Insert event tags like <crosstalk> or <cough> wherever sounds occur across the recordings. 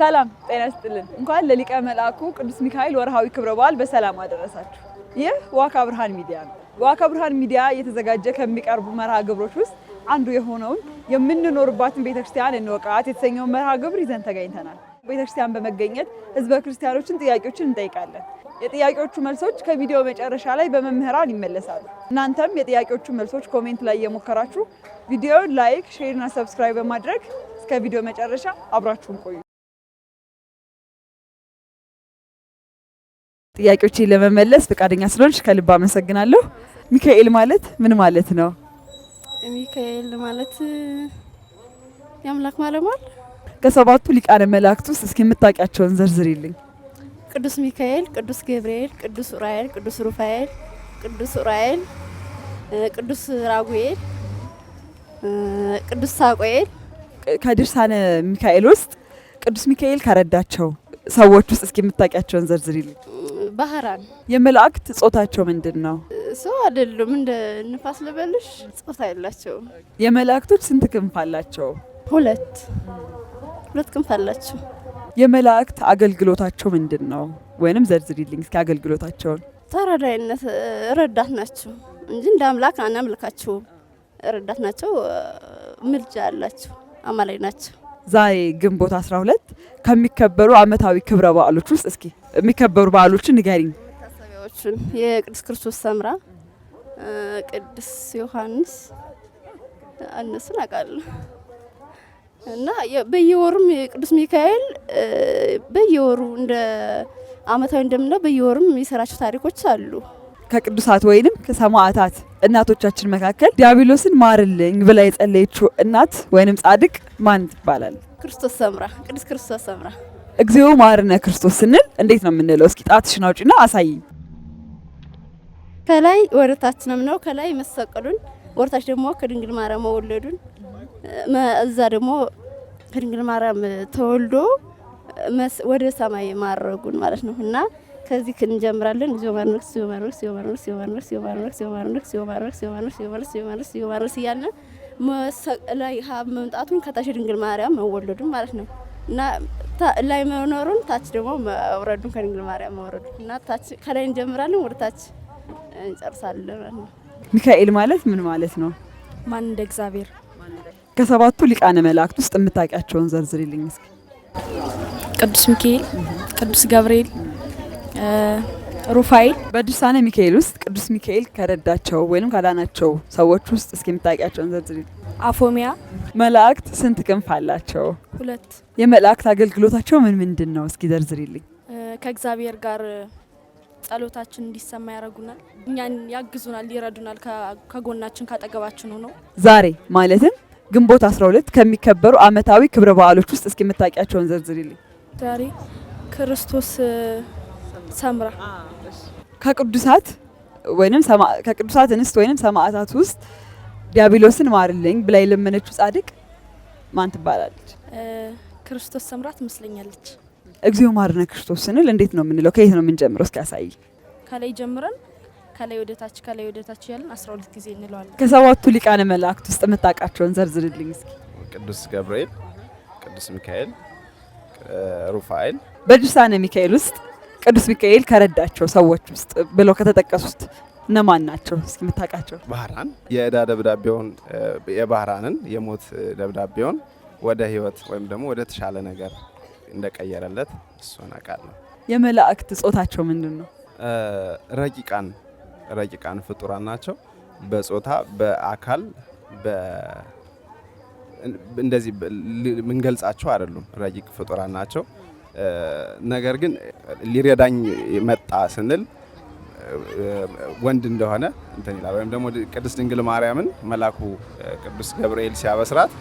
ሰላም ጤና ይስጥልን። እንኳን ለሊቀ መልአኩ ቅዱስ ሚካኤል ወርሃዊ ክብረ በዓል በሰላም አደረሳችሁ። ይህ ዋካ ብርሃን ሚዲያ ነው። ዋካ ብርሃን ሚዲያ እየተዘጋጀ ከሚቀርቡ መርሃ ግብሮች ውስጥ አንዱ የሆነውን የምንኖርባትን ቤተክርስቲያን እንወቃት የተሰኘውን መርሃ ግብር ይዘን ተገኝተናል። ቤተክርስቲያን በመገኘት ህዝበ ክርስቲያኖችን ጥያቄዎችን እንጠይቃለን። የጥያቄዎቹ መልሶች ከቪዲዮ መጨረሻ ላይ በመምህራን ይመለሳሉ። እናንተም የጥያቄዎቹ መልሶች ኮሜንት ላይ እየሞከራችሁ ቪዲዮን ላይክ፣ ሼር እና ሰብስክራይብ በማድረግ እስከ ቪዲዮ መጨረሻ አብራችሁን ቆዩ። ጥያቄዎችን ለመመለስ ፈቃደኛ ስለሆንሽ ከልብ አመሰግናለሁ። ሚካኤል ማለት ምን ማለት ነው? ሚካኤል ማለት የአምላክ ማለሟል። ከሰባቱ ሊቃነ መላእክት ውስጥ እስኪ የምታውቂያቸውን ዘርዝሪልኝ። ቅዱስ ሚካኤል፣ ቅዱስ ገብርኤል፣ ቅዱስ ኡራኤል፣ ቅዱስ ሩፋኤል፣ ቅዱስ ኡራኤል፣ ቅዱስ ራጉኤል፣ ቅዱስ ሳቆኤል። ከድርሳነ ሚካኤል ውስጥ ቅዱስ ሚካኤል ከረዳቸው ሰዎች ውስጥ እስኪ የምታውቂያቸውን ዘርዝሪልኝ። ባህራን። የመላእክት ጾታቸው ምንድን ነው? ሰው አይደሉም። እንደ ንፋስ ልበልሽ፣ ጾታ የላቸውም። የመላእክቶች ስንት ክንፍ አላቸው? ሁለት ሁለት ክንፍ አላቸው። የመላእክት አገልግሎታቸው ምንድን ነው? ወይንም ዘርዝሪልኝ እስኪ አገልግሎታቸውን። ተረዳይነት ረዳት ናቸው እንጂ እንደ አምላክ አናምልካቸውም። ረዳት ናቸው። ምልጃ አላቸው። አማላይ ናቸው። ዛሬ ግንቦት 12 ከሚከበሩ ዓመታዊ ክብረ በዓሎች ውስጥ እስኪ የሚከበሩ በዓሎችን ንገሪኝ። መታሰቢያዎችን የቅዱስ ክርስቶስ ሰምራ፣ ቅዱስ ዮሐንስ እነሱን አውቃለሁ እና በየወሩም የቅዱስ ሚካኤል በየወሩ እንደ አመታዊ እንደምንለው በየወሩም የሚሰራቸው ታሪኮች አሉ። ከቅዱሳት ወይንም ከሰማዕታት እናቶቻችን መካከል ዲያብሎስን ማርልኝ ብላ የጸለየችው እናት ወይንም ጻድቅ ማን ትባላል? ክርስቶስ ሰምራ፣ ቅዱስ ክርስቶስ ሰምራ እግዚኦ ማርነ ክርስቶስ ስንል እንዴት ነው የምንለው? እስኪ ጣትሽን አውጪና አሳይኝ። ከላይ ወደታች ነው የምንለው። ከላይ መሰቀሉን፣ ወደታች ደግሞ ከድንግል ማርያም መወለዱን፣ እዛ ደግሞ ከድንግል ማርያም ተወልዶ ወደ ሰማይ ማረጉን ማለት ነው እና ከዚህ እንጀምራለን። እግዚኦ ማርነ፣ እግዚኦ ማርነ፣ እግዚኦ ማርነ፣ እግዚኦ ማርነ፣ እግዚኦ ማርነ፣ እግዚኦ ማርነ፣ እግዚኦ ማርነ፣ እግዚኦ ማርነ፣ እግዚኦ ማርነ፣ እግዚኦ ማርነ፣ እግዚኦ ማርነ እያልን መሰቀል ላይ ሀብ መምጣቱን ከታች ድንግል ማርያም መወለዱን ማለት ነው እና ላይ መኖሩን ታች ደግሞ መውረዱን ከድንግል ማርያም መውረዱ እና ታች ከላይ እንጀምራለን ወደ ታች እንጨርሳለን ማለት ነው። ሚካኤል ማለት ምን ማለት ነው? ማን እንደ እግዚአብሔር። ከሰባቱ ሊቃነ መላእክት ውስጥ የምታውቂያቸውን ዘርዝሪልኝ እስኪ። ቅዱስ ሚካኤል፣ ቅዱስ ገብርኤል ሩፋኤል በድርሳነ ሚካኤል ውስጥ ቅዱስ ሚካኤል ከረዳቸው ወይም ካዳናቸው ሰዎች ውስጥ እስኪ የምታውቂያቸውን ዘርዝሪ። አፎሚያ። መላእክት ስንት ክንፍ አላቸው? ሁለት። የመላእክት አገልግሎታቸው ምን ምንድን ነው? እስኪ ዘርዝሪልኝ። ከእግዚአብሔር ጋር ጸሎታችን እንዲሰማ ያደርጉናል፣ እኛን ያግዙናል፣ ይረዱናል፣ ከጎናችን ካጠገባችን ሆነው። ዛሬ ማለትም ግንቦት 12 ከሚከበሩ አመታዊ ክብረ በዓሎች ውስጥ እስኪ የምታውቂያቸውን ዘርዝሪልኝ። ዛሬ ክርስቶስ ሰምራ ከቅዱሳት ወይንም ከቅዱሳት እንስት ወይንም ሰማዕታት ውስጥ ዲያብሎስን ማርልኝ ብላ የለመነችው ጻድቅ ማን ትባላለች? ክርስቶስ ሰምራ ትመስለኛለች። እግዚኦ ማርነ ክርስቶስ ስንል እንዴት ነው የምንለው? ከየት ነው የምንጀምረው? እስኪ ያሳይ። ከላይ ጀምረን ከላይ ወደታች ከላይ ወደታች ያለን 12 ጊዜ እንለዋለን። ከሰባቱ ሊቃነ መላእክት ውስጥ የምታውቃቸውን ዘርዝርልኝ እስኪ። ቅዱስ ገብርኤል፣ ቅዱስ ሚካኤል፣ ሩፋኤል። በድርሳነ ሚካኤል ውስጥ ቅዱስ ሚካኤል ከረዳቸው ሰዎች ውስጥ ብለው ከተጠቀሱት እነማን ናቸው? እስኪ የምታውቃቸው። ባህራን የእዳ ደብዳቤውን የባህራንን የሞት ደብዳቤውን ወደ ህይወት ወይም ደግሞ ወደ ተሻለ ነገር እንደቀየረለት እሱን አውቃለሁ። የመላእክት ጾታቸው ምንድን ነው? ረቂቃን ረቂቃን ፍጡራን ናቸው። በጾታ በአካል እንደዚህ ምንገልጻቸው አይደሉም። ረቂቅ ፍጡራን ናቸው። ነገር ግን ሊረዳኝ መጣ ስንል ወንድ እንደሆነ እንትን ይላል። ወይም ደግሞ ቅድስት ድንግል ማርያምን መልአኩ ቅዱስ ገብርኤል ሲያበስራት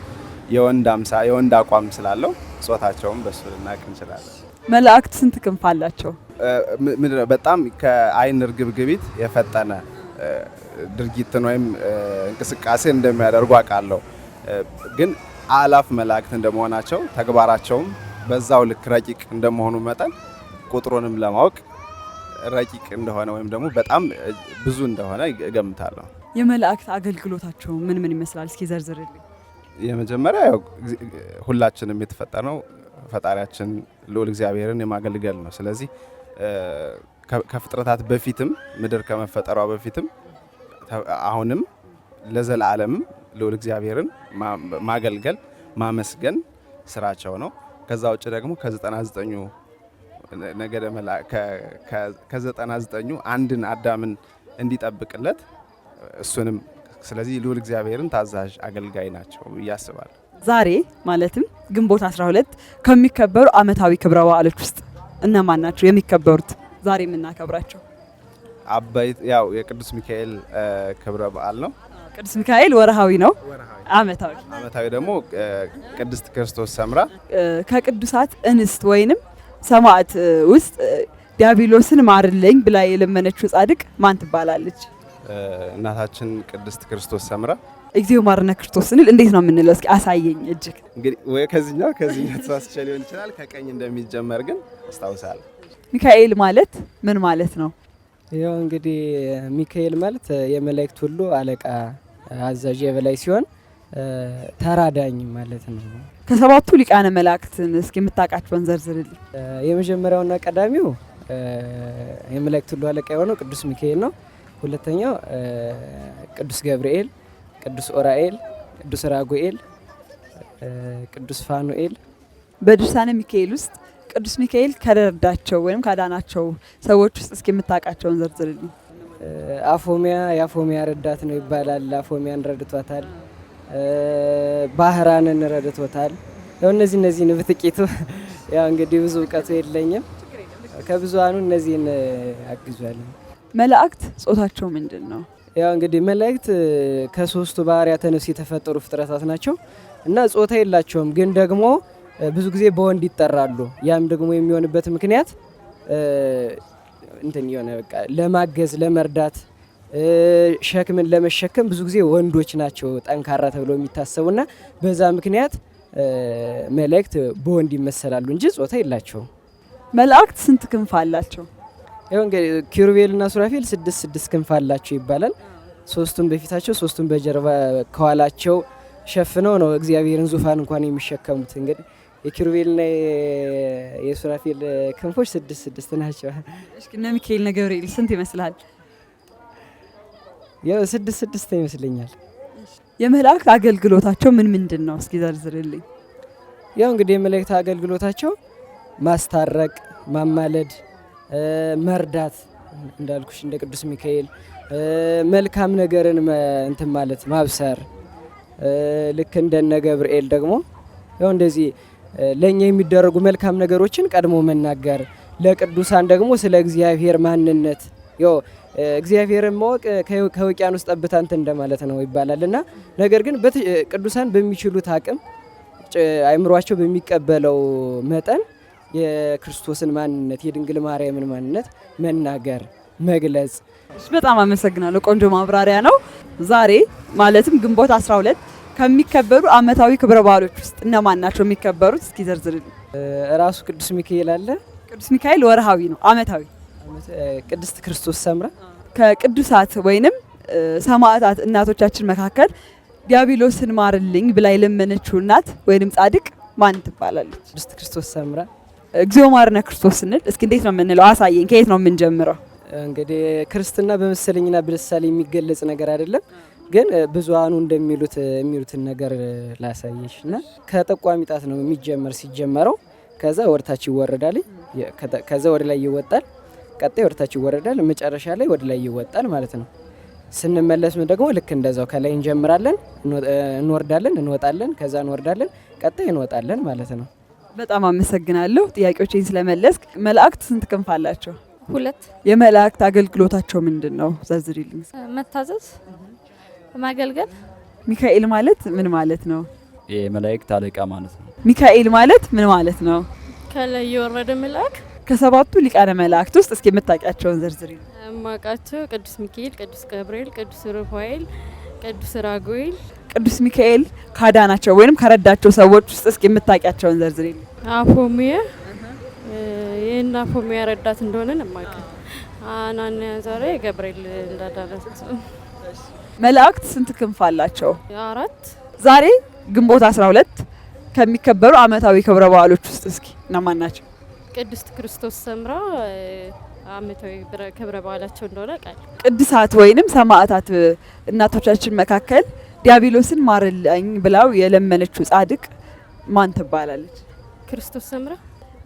የወንድ አምሳ የወንድ አቋም ስላለው ጾታቸውን በሱ ልናቅ እንችላለን። መላእክት ስንት ክንፍ አላቸው? በጣም ከአይን እርግብግቢት የፈጠነ ድርጊትን ወይም እንቅስቃሴ እንደሚያደርጉ አውቃለሁ። ግን አላፍ መላእክት እንደመሆናቸው ተግባራቸውም በዛው ልክ ረቂቅ እንደመሆኑ መጠን ቁጥሩንም ለማወቅ ረቂቅ እንደሆነ ወይም ደግሞ በጣም ብዙ እንደሆነ እገምታለሁ። የመላእክት አገልግሎታቸው ምን ምን ይመስላል? እስኪ ዘርዝርልኝ። የመጀመሪያ ያው ሁላችንም የተፈጠርነው ፈጣሪያችን ልዑል እግዚአብሔርን የማገልገል ነው። ስለዚህ ከፍጥረታት በፊትም ምድር ከመፈጠሯ በፊትም አሁንም ለዘላለምም ልዑል እግዚአብሔርን ማገልገል ማመስገን ስራቸው ነው። ከዛ ውጭ ደግሞ ከ99ኙ ነገደ ከ99ኙ አንድን አዳምን እንዲጠብቅለት እሱንም ስለዚህ ልዑል እግዚአብሔርን ታዛዥ አገልጋይ ናቸው እያስባል። ዛሬ ማለትም ግንቦት 12 ከሚከበሩ አመታዊ ክብረ በዓሎች ውስጥ እነማን ናቸው የሚከበሩት? ዛሬ የምናከብራቸው አበይት ያው የቅዱስ ሚካኤል ክብረ በዓል ነው። ቅዱስ ሚካኤል ወርሃዊ ነው። አመታዊ አመታዊ ደግሞ ቅድስት ክርስቶስ ሰምራ ከቅዱሳት እንስት ወይንም ሰማዕት ውስጥ ዲያብሎስን ማርልኝ ብላ የለመነችው ጻድቅ ማን ትባላለች? እናታችን ቅድስት ክርስቶስ ሰምራ። እግዚኦ ማርነ ክርስቶስ ስንል እንዴት ነው የምንለው? እስኪ አሳየኝ። እጅግ እንግዲህ ወይ ከዚህኛው ከዚህኛው ተሳስቼ ሊሆን ይችላል። ከቀኝ እንደሚጀመር ግን አስታውሳለሁ። ሚካኤል ማለት ምን ማለት ነው? ያው እንግዲህ ሚካኤል ማለት የመላእክት ሁሉ አለቃ አዛዥ የበላይ ሲሆን ተራዳኝ ማለት ነው። ከሰባቱ ሊቃነ መላእክትን እስኪ የምታውቃቸውን ዘርዝርልኝ። የመጀመሪያውና ቀዳሚው የመላእክት ሁሉ አለቃ የሆነው ቅዱስ ሚካኤል ነው። ሁለተኛው ቅዱስ ገብርኤል፣ ቅዱስ ኦራኤል፣ ቅዱስ ራጉኤል፣ ቅዱስ ፋኑኤል። በድርሳነ ሚካኤል ውስጥ ቅዱስ ሚካኤል ከረዳቸው ወይም ካዳናቸው ሰዎች ውስጥ እስኪ የምታውቃቸውን ዘርዝርልኝ። አፎሚያ የአፎሚያ ረዳት ነው ይባላል። አፎሚያን ረድቷታል፣ ባህራንን ረድቶታል። ያው እነዚህ እነዚህን በጥቂቱ <laughs> ያው እንግዲህ ብዙ እውቀቱ የለኝም፣ ከብዙሃኑ እነዚህን አግዟል መላእክት ጾታቸው ምንድን ነው? ያው እንግዲህ መላእክት ከሶስቱ ባህርያተ ነፍስ የተፈጠሩ ፍጥረታት ናቸው እና ጾታ የላቸውም፣ ግን ደግሞ ብዙ ጊዜ በወንድ ይጠራሉ። ያም ደግሞ የሚሆንበት ምክንያት እንትን የሆነ በቃ ለማገዝ ለመርዳት ሸክምን ለመሸከም ብዙ ጊዜ ወንዶች ናቸው ጠንካራ ተብለው የሚታሰቡና በዛ ምክንያት መላእክት በወንድ ይመሰላሉ እንጂ ጾታ የላቸውም። መላእክት ስንት ክንፍ አላቸው? ይሁን እንግዲህ ኪሩቤልና ሱራፌል ስድስት ስድስት ክንፍ አላቸው ይባላል። ሶስቱን በፊታቸው ሶስቱን በጀርባ ከኋላቸው ሸፍነው ነው እግዚአብሔርን ዙፋን እንኳን የሚሸከሙት እንግዲህ የኪሩቤልና የሱራፌል ክንፎች ስድስት ስድስት ናቸው። እሺ ሚካኤል ሚካኤልና ገብርኤል ስንት ይመስላል? ያው ስድስት ስድስት ይመስለኛል። የመላእክት አገልግሎታቸው ምን ምንድን ነው? እስኪ ዘርዝርልኝ። ያው እንግዲህ የመላእክት አገልግሎታቸው ማስታረቅ፣ ማማለድ፣ መርዳት እንዳልኩሽ እንደ ቅዱስ ሚካኤል መልካም ነገርን እንትን ማለት ማብሰር ልክ እንደነ ገብርኤል ደግሞ ያው እንደዚህ ለእኛ የሚደረጉ መልካም ነገሮችን ቀድሞ መናገር፣ ለቅዱሳን ደግሞ ስለ እግዚአብሔር ማንነት ያው እግዚአብሔርን ማወቅ ከውቅያኖስ ውስጥ እንትን እንደማለት ነው ይባላል እና ነገር ግን ቅዱሳን በሚችሉት አቅም አይምሯቸው በሚቀበለው መጠን የክርስቶስን ማንነት የድንግል ማርያምን ማንነት መናገር መግለጽ። በጣም አመሰግናለሁ። ቆንጆ ማብራሪያ ነው። ዛሬ ማለትም ግንቦት 12 ከሚከበሩ አመታዊ ክብረ በዓሎች ውስጥ እነማን ናቸው የሚከበሩት? እስኪ ዘርዝርልኝ። ራሱ ቅዱስ ሚካኤል አለ። ቅዱስ ሚካኤል ወርሃዊ ነው። አመታዊ ቅድስት ክርስቶስ ሰምረ ከቅዱሳት ወይንም ሰማዕታት እናቶቻችን መካከል ዲያብሎስን ማርልኝ ብላ የለመነችው እናት ወይንም ጻድቅ ማን ትባላለች? ቅድስት ክርስቶስ ሰምረ። እግዚኦ ማርነ ክርስቶስ ስንል እስኪ እንዴት ነው የምንለው? አሳየኝ። ከየት ነው የምንጀምረው? እንግዲህ ክርስትና በምስለኝና በምሳሌ የሚገለጽ ነገር አይደለም ግን ብዙሃኑ እንደሚሉት የሚሉትን ነገር ላሳየሽ እና ከጠቋሚ ጣት ነው የሚጀመር ሲጀመረው ከዛ ወደታች ይወረዳል። ከዛ ወደ ላይ ይወጣል። ቀጣይ ወደታች ይወረዳል። መጨረሻ ላይ ወደ ላይ ይወጣል ማለት ነው። ስንመለስ ደግሞ ልክ እንደዛው ከላይ እንጀምራለን፣ እንወርዳለን፣ እንወጣለን፣ ከዛ እንወርዳለን፣ ቀጣይ እንወጣለን ማለት ነው። በጣም አመሰግናለሁ ጥያቄዎችን ስለመለስክ። መላእክት ስንት ክንፍ አላቸው? ሁለት። የመላእክት አገልግሎታቸው ምንድን ነው? ዘርዝሪልኝ። መታዘዝ ማገልገል። ሚካኤል ማለት ምን ማለት ነው? የመላእክት አለቃ ማለት ነው። ሚካኤል ማለት ምን ማለት ነው? ከላይ የወረደ መልአክ። ከሰባቱ ሊቃነ መላእክት ውስጥ እስኪ የምታውቂያቸውን ዝርዝሪ። የማውቃቸው ቅዱስ ሚካኤል፣ ቅዱስ ገብርኤል፣ ቅዱስ ሩፋኤል፣ ቅዱስ ራጉኤል። ቅዱስ ሚካኤል ካዳናቸው ወይም ከረዳቸው ሰዎች ውስጥ እስኪ የምታውቂያቸውን ዘርዝሪ። አፎሚያ ይህን አፎሚያ ረዳት እንደሆነ ነው የማውቀው። አናንያ ዛሬ ገብርኤል እንዳዳናቸው መላእክት ስንት ክንፍ አላቸው? አራት። ዛሬ ግንቦት 12 ከሚከበሩ አመታዊ ክብረ በዓሎች ውስጥ እስኪ እነማን ናቸው? ቅድስት ክርስቶስ ሰምራ አመታዊ ክብረ በዓላቸው እንደሆነ ቃል ቅድሳት ወይንም ሰማዕታት እናቶቻችን መካከል ዲያብሎስን ማርልኝ ብላው የለመነችው ጻድቅ ማን ትባላለች? ክርስቶስ ሰምራ።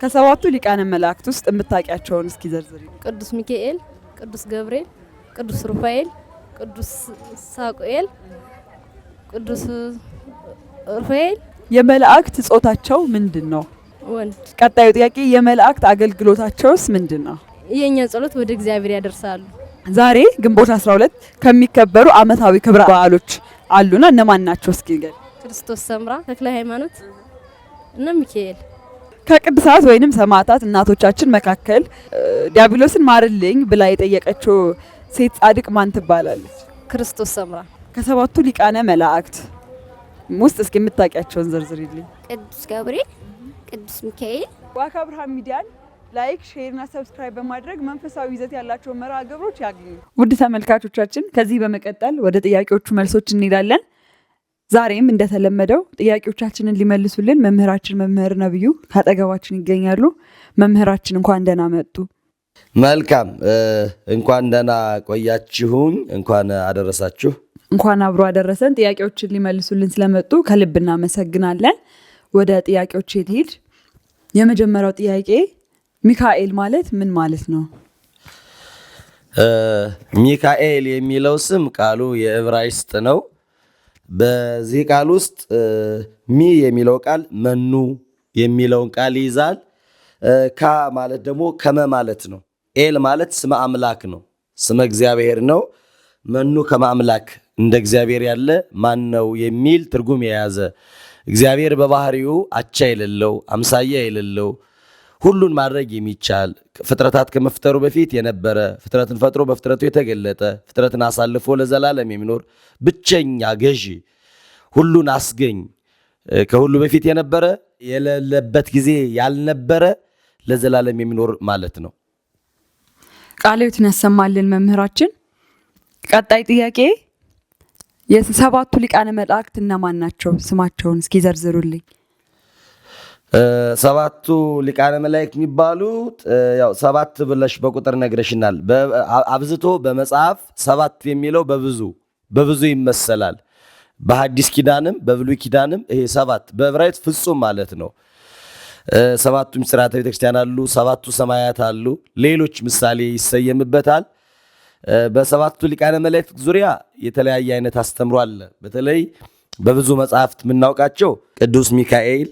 ከሰባቱ ሊቃነ መላእክት ውስጥ የምታውቂያቸውን እስኪ ዘርዝሪ። ቅዱስ ሚካኤል፣ ቅዱስ ገብርኤል፣ ቅዱስ ሩፋኤል ቅዱስ ሳቁኤል፣ ቅዱስ ሩፋኤል። የመላእክት ጾታቸው ምንድን ነው? ወንድ። ቀጣዩ ጥያቄ የመላእክት አገልግሎታቸውስ ምንድን ነው? የእኛ ጸሎት ወደ እግዚአብሔር ያደርሳሉ። ዛሬ ግንቦት 12 ከሚከበሩ አመታዊ ክብረ በዓሎች አሉና እነማን ናቸው? እስኪ ክርስቶስ ሰምራ፣ ተክለ ሃይማኖት እና ሚካኤል። ከቅዱሳት ወይንም ሰማዕታት እናቶቻችን መካከል ዲያብሎስን ማርልኝ ብላ የጠየቀችው ሴት ጻድቅ ማን ትባላለች? ክርስቶስ ሰምራ። ከሰባቱ ሊቃነ መላእክት ውስጥ እስኪ የምታውቂያቸውን ዘርዝሪልኝ። ቅዱስ ገብርኤል፣ ቅዱስ ሚካኤል። ዋካ ብርሃን ሚዲያን ላይክ ሼርና ሰብስክራይብ በማድረግ መንፈሳዊ ይዘት ያላቸውን መርሃ ግብሮች ያግኙ። ውድ ተመልካቾቻችን ከዚህ በመቀጠል ወደ ጥያቄዎቹ መልሶች እንሄዳለን። ዛሬም እንደተለመደው ጥያቄዎቻችንን ሊመልሱልን መምህራችን መምህር ነብዩ ካጠገባችን ይገኛሉ። መምህራችን እንኳን ደህና መጡ። መልካም እንኳን ደህና ቆያችሁኝ። እንኳን አደረሳችሁ። እንኳን አብሮ አደረሰን። ጥያቄዎችን ሊመልሱልን ስለመጡ ከልብ እናመሰግናለን። ወደ ጥያቄዎች ትሄድ። የመጀመሪያው ጥያቄ ሚካኤል ማለት ምን ማለት ነው? ሚካኤል የሚለው ስም ቃሉ የዕብራይስጥ ነው። በዚህ ቃል ውስጥ ሚ የሚለው ቃል መኑ የሚለውን ቃል ይይዛል። ካ ማለት ደግሞ ከመ ማለት ነው። ኤል ማለት ስመ አምላክ ነው፣ ስመ እግዚአብሔር ነው። መኑ ከማምላክ እንደ እግዚአብሔር ያለ ማን ነው የሚል ትርጉም የያዘ እግዚአብሔር በባህሪው አቻ የሌለው አምሳያ የሌለው ሁሉን ማድረግ የሚቻል ፍጥረታት ከመፍጠሩ በፊት የነበረ ፍጥረትን ፈጥሮ በፍጥረቱ የተገለጠ ፍጥረትን አሳልፎ ለዘላለም የሚኖር ብቸኛ ገዢ፣ ሁሉን አስገኝ፣ ከሁሉ በፊት የነበረ የሌለበት ጊዜ ያልነበረ ለዘላለም የሚኖር ማለት ነው። ቃልዮትን ያሰማልን መምህራችን። ቀጣይ ጥያቄ የሰባቱ ሊቃነ መላእክት እነማን ናቸው? ስማቸውን እስኪ ዘርዝሩልኝ። ሰባቱ ሊቃነ መላእክት የሚባሉት ያው ሰባት ብለሽ በቁጥር ነግረሽናል። አብዝቶ በመጽሐፍ ሰባት የሚለው በብዙ በብዙ ይመሰላል። በሐዲስ ኪዳንም በብሉይ ኪዳንም ይሄ ሰባት በዕብራይት ፍጹም ማለት ነው። ሰባቱ ስርዓተ ቤተክርስቲያን አሉ፣ ሰባቱ ሰማያት አሉ፣ ሌሎች ምሳሌ ይሰየምበታል። በሰባቱ ሊቃነ መላእክት ዙሪያ የተለያየ አይነት አስተምሮ አለ። በተለይ በብዙ መጽሐፍት የምናውቃቸው ቅዱስ ሚካኤል፣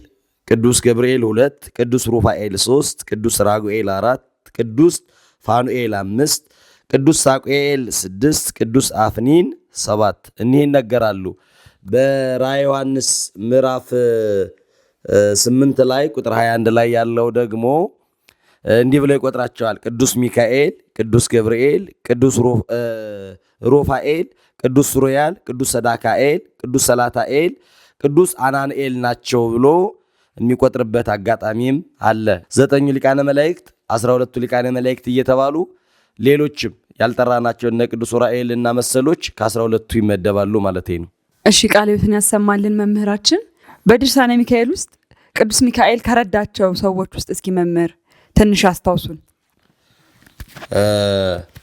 ቅዱስ ገብርኤል ሁለት፣ ቅዱስ ሩፋኤል ሶስት፣ ቅዱስ ራጉኤል አራት፣ ቅዱስ ፋኑኤል አምስት፣ ቅዱስ ሳቁኤል ስድስት፣ ቅዱስ አፍኒን ሰባት እኒህ ይነገራሉ። በራዕየ ዮሐንስ ምዕራፍ ስምንት ላይ ቁጥር 21 ላይ ያለው ደግሞ እንዲህ ብሎ ይቆጥራቸዋል። ቅዱስ ሚካኤል፣ ቅዱስ ገብርኤል፣ ቅዱስ ሮፋኤል፣ ቅዱስ ሱሪያል፣ ቅዱስ ሰዳካኤል፣ ቅዱስ ሰላታኤል፣ ቅዱስ አናንኤል ናቸው ብሎ የሚቆጥርበት አጋጣሚም አለ። ዘጠኙ ሊቃነ መላእክት፣ አስራ ሁለቱ ሊቃነ መላእክት እየተባሉ ሌሎችም ያልጠራናቸው እነ ቅዱስ ራኤል እና መሰሎች ከአስራ ሁለቱ ይመደባሉ ማለት ነው። እሺ ቃለ ሕይወትን ያሰማልን መምህራችን። በድርሳነ ሚካኤል ውስጥ ቅዱስ ሚካኤል ከረዳቸው ሰዎች ውስጥ እስኪ መምህር ትንሽ አስታውሱን።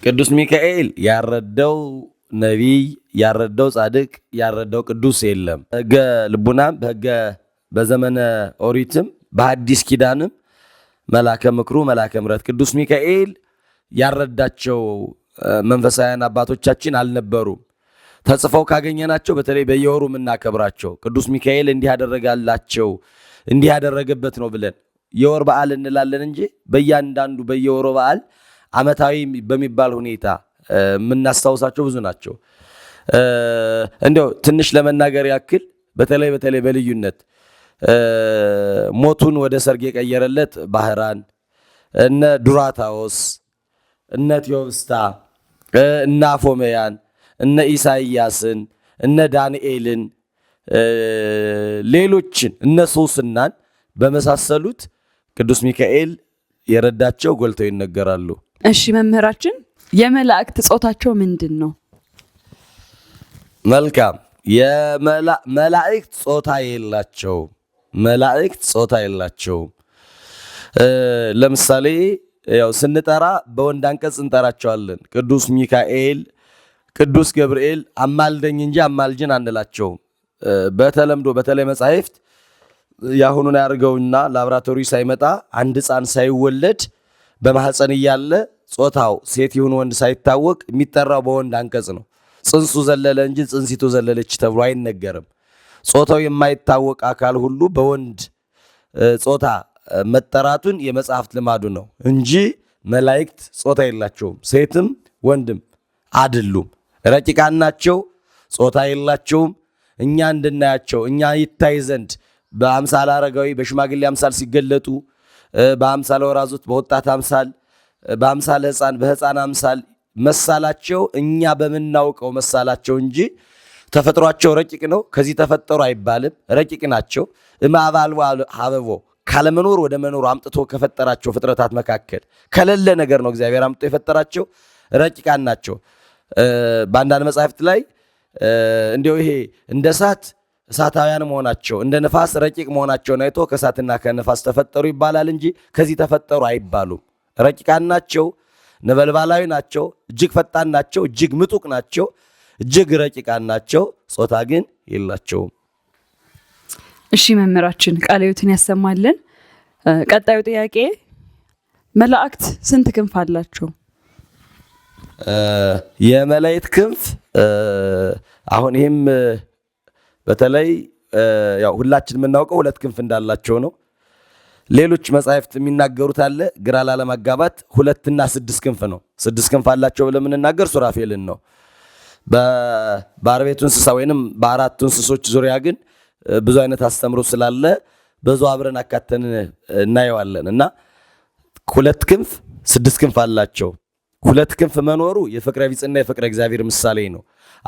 ቅዱስ ሚካኤል ያረዳው ነቢይ፣ ያረዳው ጻድቅ፣ ያረዳው ቅዱስ የለም። ህገ ልቡናም በሕገ በዘመነ ኦሪትም በአዲስ ኪዳንም መላከ ምክሩ መላከ ምረት ቅዱስ ሚካኤል ያረዳቸው መንፈሳውያን አባቶቻችን አልነበሩም። ተጽፈው ካገኘናቸው በተለይ በየወሩ የምናከብራቸው ቅዱስ ሚካኤል እንዲህ ያደረጋላቸው እንዲህ ያደረገበት ነው ብለን የወር በዓል እንላለን እንጂ በእያንዳንዱ በየወሩ በዓል ዓመታዊ በሚባል ሁኔታ የምናስታውሳቸው ብዙ ናቸው። እንዲያው ትንሽ ለመናገር ያክል በተለይ በተለይ በልዩነት ሞቱን ወደ ሰርግ የቀየረለት ባህራን፣ እነ ዱራታዎስ፣ እነ ቴዎብስታ፣ እነ አፎመያን እነ ኢሳይያስን፣ እነ ዳንኤልን፣ ሌሎችን እነ ሶስናን በመሳሰሉት ቅዱስ ሚካኤል የረዳቸው ጎልተው ይነገራሉ። እሺ መምህራችን፣ የመላእክት ጾታቸው ምንድን ነው? መልካም መላእክት ጾታ የላቸው መላእክት ጾታ የላቸው? ለምሳሌ ያው ስንጠራ በወንድ አንቀጽ እንጠራቸዋለን። ቅዱስ ሚካኤል ቅዱስ ገብርኤል አማልደኝ እንጂ አማልጅን አንላቸውም። በተለምዶ በተለይ መጻሕፍት የአሁኑን ያድርገውና ላብራቶሪ ሳይመጣ አንድ ሕፃን ሳይወለድ በማህፀን እያለ ጾታው ሴት ይሁን ወንድ ሳይታወቅ የሚጠራው በወንድ አንቀጽ ነው። ጽንሱ ዘለለ እንጂ ጽንሲቱ ዘለለች ተብሎ አይነገርም። ጾታው የማይታወቅ አካል ሁሉ በወንድ ጾታ መጠራቱን የመጽሐፍት ልማዱ ነው እንጂ መላእክት ጾታ የላቸውም፣ ሴትም ወንድም አድሉም። ረቂቃን ናቸው። ጾታ የላቸውም። እኛ እንድናያቸው እኛ ይታይ ዘንድ በአምሳል አረጋዊ በሽማግሌ አምሳል ሲገለጡ በአምሳል ወራዙት በወጣት አምሳል በአምሳል ሕፃን በሕፃን አምሳል መሳላቸው እኛ በምናውቀው መሳላቸው እንጂ ተፈጥሯቸው ረቂቅ ነው። ከዚህ ተፈጠሩ አይባልም። ረቂቅ ናቸው። እማባል ሀበቦ ካለመኖር ወደ መኖር አምጥቶ ከፈጠራቸው ፍጥረታት መካከል ከሌለ ነገር ነው እግዚአብሔር አምጥቶ የፈጠራቸው ረቂቃን ናቸው። በአንዳንድ መጽሐፍት ላይ እንዲሁ ይሄ እንደ እሳት እሳታውያን መሆናቸው እንደ ንፋስ ረቂቅ መሆናቸውን አይቶ ከእሳትና ከንፋስ ተፈጠሩ ይባላል እንጂ ከዚህ ተፈጠሩ አይባሉም። ረቂቃን ናቸው፣ ነበልባላዊ ናቸው፣ እጅግ ፈጣን ናቸው፣ እጅግ ምጡቅ ናቸው፣ እጅግ ረቂቃን ናቸው። ጾታ ግን የላቸውም። እሺ መምህራችን ቃለ ሕይወትን ያሰማልን። ቀጣዩ ጥያቄ መላእክት ስንት ክንፍ አላቸው? የመላእክት ክንፍ አሁን ይህም በተለይ ያው ሁላችን የምናውቀው ሁለት ክንፍ እንዳላቸው ነው። ሌሎች መጻሕፍት የሚናገሩት አለ ግራ ላለማጋባት ሁለትና ስድስት ክንፍ ነው። ስድስት ክንፍ አላቸው ብለን የምንናገር ሱራፌልን ነው። በአርቤቱ እንስሳ ወይንም በአራቱ እንስሶች ዙሪያ ግን ብዙ አይነት አስተምሮ ስላለ ብዙ አብረን አካተን እናየዋለን እና ሁለት ክንፍ ስድስት ክንፍ አላቸው ሁለት ክንፍ መኖሩ የፍቅረ ቢጽና የፍቅረ እግዚአብሔር ምሳሌ ነው።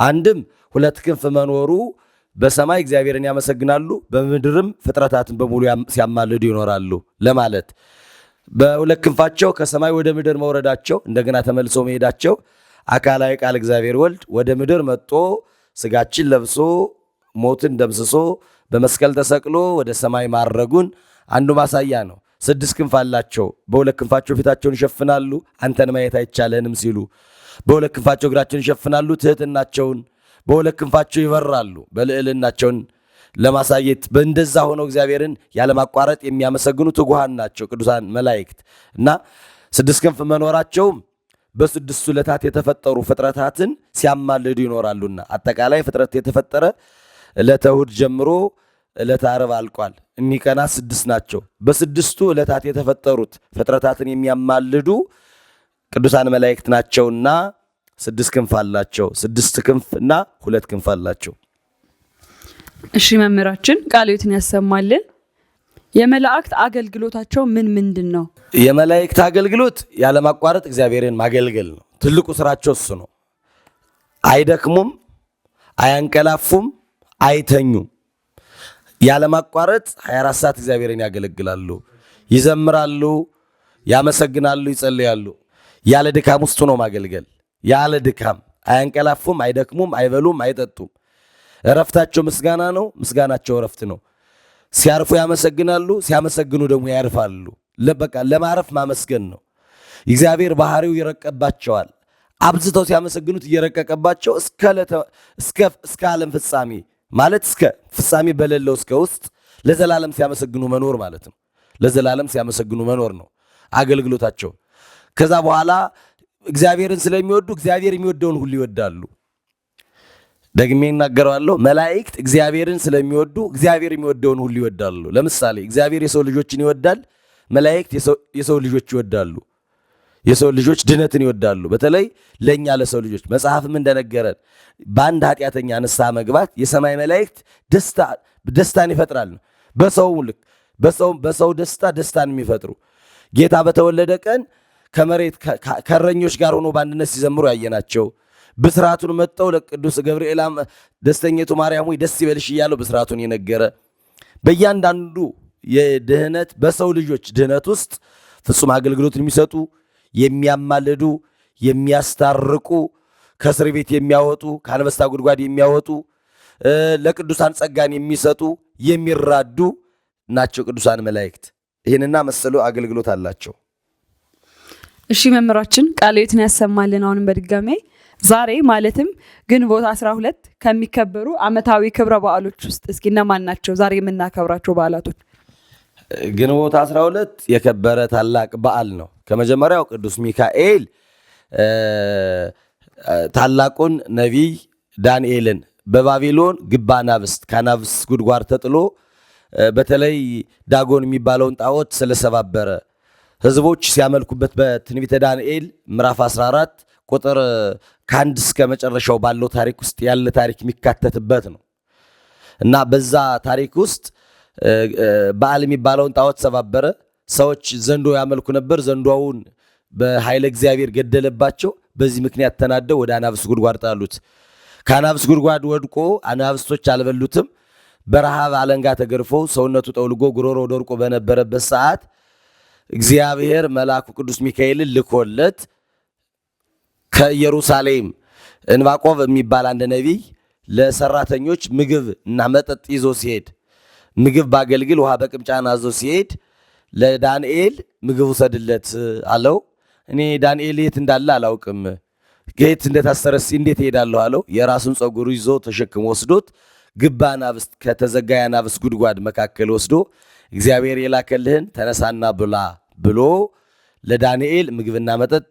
አንድም ሁለት ክንፍ መኖሩ በሰማይ እግዚአብሔርን ያመሰግናሉ፣ በምድርም ፍጥረታትን በሙሉ ሲያማልዱ ይኖራሉ ለማለት በሁለት ክንፋቸው ከሰማይ ወደ ምድር መውረዳቸው እንደገና ተመልሶ መሄዳቸው አካላዊ ቃል እግዚአብሔር ወልድ ወደ ምድር መጥቶ ስጋችን ለብሶ ሞትን ደምስሶ በመስቀል ተሰቅሎ ወደ ሰማይ ማረጉን አንዱ ማሳያ ነው። ስድስት ክንፍ አላቸው፣ በሁለት ክንፋቸው ፊታቸውን ይሸፍናሉ፣ አንተን ማየት አይቻለንም ሲሉ፣ በሁለት ክንፋቸው እግራቸውን ይሸፍናሉ፣ ትህትናቸውን በሁለት ክንፋቸው ይበራሉ፣ በልዕልናቸውን ለማሳየት በእንደዛ ሆነው እግዚአብሔርን ያለማቋረጥ የሚያመሰግኑ ትጉሃን ናቸው ቅዱሳን መላእክት እና ስድስት ክንፍ መኖራቸውም በስድስቱ ዕለታት የተፈጠሩ ፍጥረታትን ሲያማልዱ ይኖራሉና አጠቃላይ ፍጥረት የተፈጠረ ዕለተ ጀምሮ ዕለት ዓርብ አልቋል። እኒህ ቀናት ስድስት ናቸው። በስድስቱ ዕለታት የተፈጠሩት ፍጥረታትን የሚያማልዱ ቅዱሳን መላእክት ናቸውና ስድስት ክንፍ አላቸው። ስድስት ክንፍ እና ሁለት ክንፍ አላቸው። እሺ መምህራችን ቃልዮትን ያሰማልን። የመላእክት አገልግሎታቸው ምን ምንድን ነው? የመላእክት አገልግሎት ያለማቋረጥ እግዚአብሔርን ማገልገል ነው። ትልቁ ስራቸው እሱ ነው። አይደክሙም፣ አያንቀላፉም፣ አይተኙም። ያለማቋረጥ 24 ሰዓት እግዚአብሔርን ያገለግላሉ፣ ይዘምራሉ፣ ያመሰግናሉ፣ ይጸልያሉ። ያለ ድካም ውስጡ ነው ማገልገል። ያለ ድካም አያንቀላፉም፣ አይደክሙም፣ አይበሉም፣ አይጠጡም። እረፍታቸው ምስጋና ነው፣ ምስጋናቸው እረፍት ነው። ሲያርፉ ያመሰግናሉ፣ ሲያመሰግኑ ደግሞ ያርፋሉ። በቃ ለማረፍ ማመስገን ነው። እግዚአብሔር ባህሪው ይረቀባቸዋል። አብዝተው ሲያመሰግኑት እየረቀቀባቸው እስከ ዓለም ፍጻሜ ማለት እስከ ፍጻሜ በሌለው እስከ ውስጥ ለዘላለም ሲያመሰግኑ መኖር ማለት ነው። ለዘላለም ሲያመሰግኑ መኖር ነው አገልግሎታቸው። ከዛ በኋላ እግዚአብሔርን ስለሚወዱ እግዚአብሔር የሚወደውን ሁሉ ይወዳሉ። ደግሜ ይናገረዋለሁ። መላእክት እግዚአብሔርን ስለሚወዱ እግዚአብሔር የሚወደውን ሁሉ ይወዳሉ። ለምሳሌ እግዚአብሔር የሰው ልጆችን ይወዳል። መላእክት የሰው ልጆች ይወዳሉ። የሰው ልጆች ድነትን ይወዳሉ። በተለይ ለእኛ ለሰው ልጆች መጽሐፍም እንደነገረን በአንድ ኃጢአተኛ ንስሐ መግባት የሰማይ መላእክት ደስታን ይፈጥራል። በሰው ልክ በሰው ደስታ ደስታን የሚፈጥሩ ጌታ በተወለደ ቀን ከመሬት ከረኞች ጋር ሆኖ በአንድነት ሲዘምሩ ያየናቸው ብስራቱን መጠው ለቅዱስ ገብርኤል ደስተኘቱ ማርያም ወይ ደስ ይበልሽ እያለው ብስራቱን የነገረ በእያንዳንዱ የድህነት በሰው ልጆች ድህነት ውስጥ ፍጹም አገልግሎትን የሚሰጡ የሚያማልዱ፣ የሚያስታርቁ፣ ከእስር ቤት የሚያወጡ፣ ከአንበሳ ጉድጓድ የሚያወጡ፣ ለቅዱሳን ጸጋን የሚሰጡ፣ የሚራዱ ናቸው ቅዱሳን መላእክት። ይህንና መሰሉ አገልግሎት አላቸው። እሺ መምህራችን ቃልዎትን ያሰማልን። አሁንም በድጋሜ ዛሬ ማለትም ግንቦት ሁለት ከሚከበሩ ዓመታዊ ክብረ በዓሎች ውስጥ እስኪ እነማን ናቸው ዛሬ የምናከብራቸው በዓላቶች? ግንቦት 12 የከበረ ታላቅ በዓል ነው። ከመጀመሪያው ቅዱስ ሚካኤል ታላቁን ነቢይ ዳንኤልን በባቢሎን ግባ ናብስት ከናብስት ጉድጓድ ተጥሎ በተለይ ዳጎን የሚባለውን ጣዖት ስለሰባበረ ህዝቦች ሲያመልኩበት በትንቢተ ዳንኤል ምዕራፍ 14 ቁጥር ከአንድ እስከ መጨረሻው ባለው ታሪክ ውስጥ ያለ ታሪክ የሚካተትበት ነው እና በዛ ታሪክ ውስጥ በዓል የሚባለውን ጣዖት ሰባበረ። ሰዎች ዘንዶ ያመልኩ ነበር። ዘንዶውን በኃይለ እግዚአብሔር ገደለባቸው። በዚህ ምክንያት ተናደው ወደ አናብስ ጉድጓድ ጣሉት። ከአናብስ ጉድጓድ ወድቆ አናብስቶች አልበሉትም። በረሃብ አለንጋ ተገርፎ ሰውነቱ ጠውልጎ ጉሮሮ ደርቆ በነበረበት ሰዓት እግዚአብሔር መልአኩ ቅዱስ ሚካኤልን ልኮለት ከኢየሩሳሌም እንባቆብ የሚባል አንድ ነቢይ ለሰራተኞች ምግብ እና መጠጥ ይዞ ሲሄድ ምግብ በአገልግል ውሃ በቅምጫን አዞ ሲሄድ ለዳንኤል ምግብ ውሰድለት አለው። እኔ ዳንኤል የት እንዳለ አላውቅም፣ ጌት እንደታሰረ እንዴት እሄዳለሁ አለው። የራሱን ፀጉር ይዞ ተሸክሞ ወስዶት ግባ ናብስት ከተዘጋ የአናብስት ጉድጓድ መካከል ወስዶ እግዚአብሔር የላከልህን ተነሳና ብላ ብሎ ለዳንኤል ምግብና መጠጥ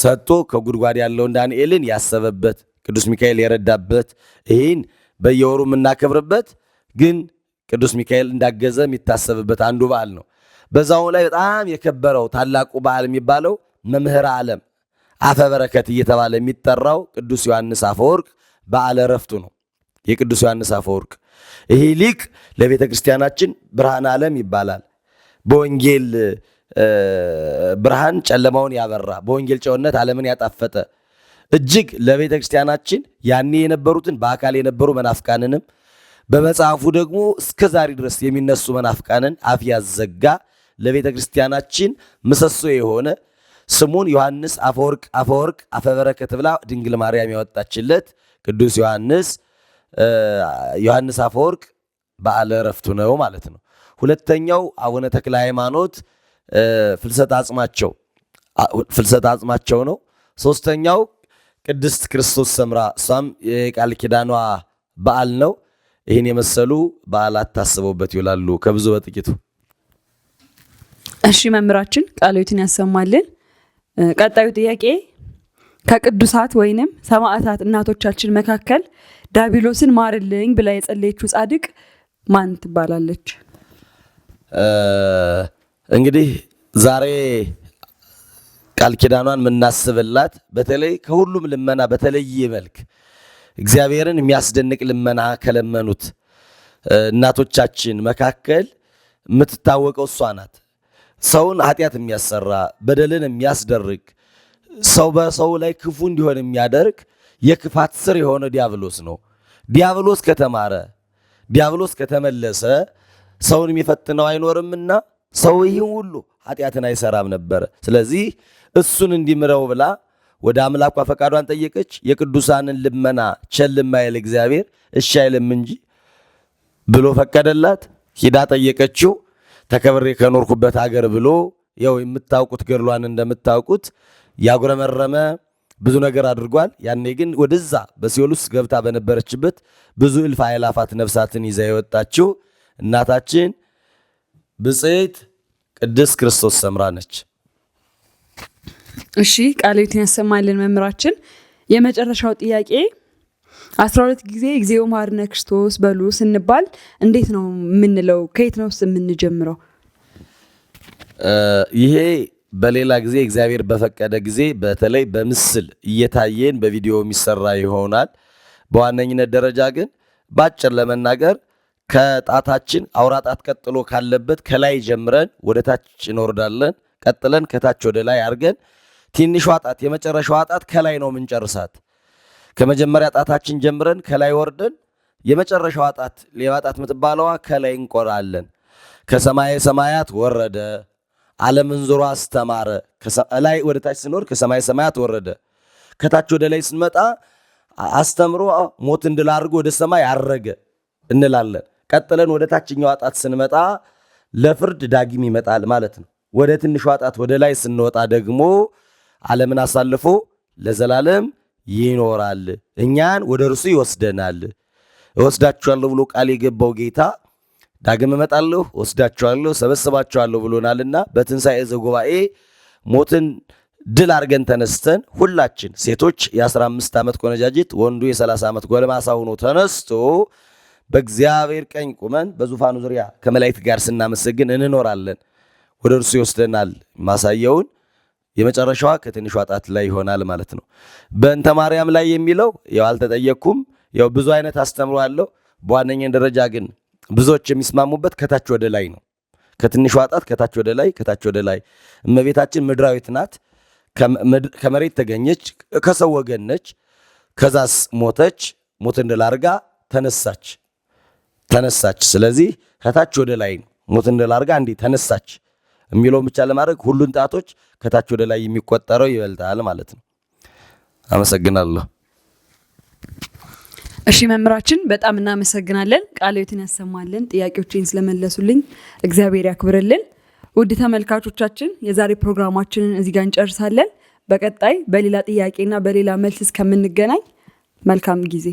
ሰጥቶ ከጉድጓድ ያለውን ዳንኤልን ያሰበበት ቅዱስ ሚካኤል የረዳበት ይህን በየወሩ የምናከብርበት ግን ቅዱስ ሚካኤል እንዳገዘ የሚታሰብበት አንዱ በዓል ነው። በዛው ላይ በጣም የከበረው ታላቁ በዓል የሚባለው መምህር ዓለም አፈበረከት እየተባለ የሚጠራው ቅዱስ ዮሐንስ አፈወርቅ በዓለ ረፍቱ ነው። የቅዱስ ዮሐንስ አፈወርቅ ይህ ሊቅ ለቤተ ክርስቲያናችን ብርሃን ዓለም ይባላል። በወንጌል ብርሃን ጨለማውን ያበራ፣ በወንጌል ጨውነት ዓለምን ያጣፈጠ እጅግ ለቤተ ክርስቲያናችን ያኔ የነበሩትን በአካል የነበሩ መናፍቃንንም በመጽሐፉ ደግሞ እስከ ዛሬ ድረስ የሚነሱ መናፍቃንን አፍ ያዘጋ ለቤተ ክርስቲያናችን ምሰሶ የሆነ ስሙን ዮሐንስ አፈወርቅ አፈወርቅ አፈበረከት ብላ ድንግል ማርያም ያወጣችለት ቅዱስ ዮሐንስ ዮሐንስ አፈወርቅ በዓለ ዕረፍቱ ነው ማለት ነው። ሁለተኛው አቡነ ተክለ ሃይማኖት ፍልሰት አጽማቸው ፍልሰት አጽማቸው ነው። ሶስተኛው ቅድስት ክርስቶስ ሰምራ እሷም የቃል ኪዳኗ በዓል ነው። ይህን የመሰሉ በዓላት ታስበውበት ይውላሉ። ከብዙ በጥቂቱ። እሺ መምህራችን ቃልዎትን ያሰማልን። ቀጣዩ ጥያቄ ከቅዱሳት ወይንም ሰማዕታት እናቶቻችን መካከል ዳቢሎስን ማርልኝ ብላ የጸለየችው ጻድቅ ማን ትባላለች? እንግዲህ ዛሬ ቃል ኪዳኗን የምናስብላት በተለይ ከሁሉም ልመና በተለየ መልክ እግዚአብሔርን የሚያስደንቅ ልመና ከለመኑት እናቶቻችን መካከል የምትታወቀው እሷ ናት። ሰውን ኃጢአት የሚያሰራ በደልን የሚያስደርግ ሰው በሰው ላይ ክፉ እንዲሆን የሚያደርግ የክፋት ስር የሆነ ዲያብሎስ ነው። ዲያብሎስ ከተማረ ዲያብሎስ ከተመለሰ ሰውን የሚፈትነው አይኖርምና ሰው ይህን ሁሉ ኃጢአትን አይሰራም ነበር ስለዚህ እሱን እንዲምረው ብላ ወደ አምላኳ ፈቃዷን ጠየቀች። የቅዱሳንን ልመና ቸል የማይል እግዚአብሔር እሺ አይልም እንጂ ብሎ ፈቀደላት። ሂዳ ጠየቀችው። ተከብሬ ከኖርኩበት አገር ብሎ ያው የምታውቁት ገድሏን እንደምታውቁት ያጉረመረመ ብዙ ነገር አድርጓል። ያኔ ግን ወደዛ በሲኦል ውስጥ ገብታ በነበረችበት ብዙ እልፍ አእላፋት ነፍሳትን ይዛ የወጣችው እናታችን ብፅዕት ቅድስት ክርስቶስ ሰምራነች። ነች። እሺ ቃሌቱን ያሰማልን መምህራችን። የመጨረሻው ጥያቄ አስራ ሁለት ጊዜ እግዚኦ መሐረነ ክርስቶስ በሉ ስንባል እንዴት ነው የምንለው? ከየት ነው የምንጀምረው? ይሄ በሌላ ጊዜ እግዚአብሔር በፈቀደ ጊዜ በተለይ በምስል እየታየን በቪዲዮ የሚሰራ ይሆናል። በዋነኝነት ደረጃ ግን በአጭር ለመናገር ከጣታችን አውራ ጣት ቀጥሎ ካለበት ከላይ ጀምረን ወደ ታች እንወርዳለን። ቀጥለን ከታች ወደ ላይ አድርገን ትንሿ ጣት የመጨረሻዋ ጣት ከላይ ነው የምንጨርሳት። ከመጀመሪያ ጣታችን ጀምረን ከላይ ወርደን የመጨረሻዋ ጣት ሌባ ጣት የምትባለዋ ከላይ እንቆራለን። ከሰማየ ሰማያት ወረደ ዓለምን ዞሮ አስተማረ። ላይ ወደ ታች ስንወርድ ከሰማየ ሰማያት ወረደ። ከታች ወደ ላይ ስንመጣ አስተምሮ ሞት እንድላርጎ ወደ ሰማይ አረገ እንላለን። ቀጥለን ወደ ታችኛው ጣት ስንመጣ ለፍርድ ዳግም ይመጣል ማለት ነው። ወደ ትንሿ ጣት ወደ ላይ ስንወጣ ደግሞ ዓለምን አሳልፎ ለዘላለም ይኖራል፣ እኛን ወደ እርሱ ይወስደናል። እወስዳችኋለሁ ብሎ ቃል የገባው ጌታ ዳግም እመጣለሁ፣ እወስዳችኋለሁ፣ ሰበስባችኋለሁ ብሎናልና በትንሣኤ ዘጉባኤ ሞትን ድል አድርገን ተነስተን ሁላችን ሴቶች የ15 ዓመት ቆነጃጅት ወንዱ የ30 ዓመት ጎልማሳ ሆኖ ተነስቶ በእግዚአብሔር ቀኝ ቁመን በዙፋኑ ዙሪያ ከመላእክት ጋር ስናመሰግን እንኖራለን። ወደ እርሱ ይወስደናል ማሳየውን የመጨረሻዋ ከትንሿ ጣት ላይ ይሆናል ማለት ነው። በእንተ ማርያም ላይ የሚለው ያው አልተጠየቅኩም፣ ያው ብዙ አይነት አስተምሮ አለው። በዋነኛ ደረጃ ግን ብዙዎች የሚስማሙበት ከታች ወደ ላይ ነው። ከትንሿ ጣት ከታች ወደ ላይ፣ ከታች ወደ ላይ። እመቤታችን ምድራዊት ናት፣ ከመሬት ተገኘች፣ ከሰው ወገን ነች። ከዛስ ሞተች፣ ሞትን ድል አድርጋ ተነሳች ተነሳች። ስለዚህ ከታች ወደ ላይ ነው። ሞትን ድል አድርጋ እንዲህ ተነሳች። የሚለውን ብቻ ለማድረግ ሁሉን ጣቶች ከታች ወደ ላይ የሚቆጠረው ይበልጣል ማለት ነው። አመሰግናለሁ። እሺ መምህራችን በጣም እናመሰግናለን። ቃልዎትን ያሰማልን፣ ጥያቄዎችን ስለመለሱልኝ እግዚአብሔር ያክብርልን። ውድ ተመልካቾቻችን የዛሬ ፕሮግራማችንን እዚህ ጋር እንጨርሳለን። በቀጣይ በሌላ ጥያቄና በሌላ መልስ እስከምንገናኝ መልካም ጊዜ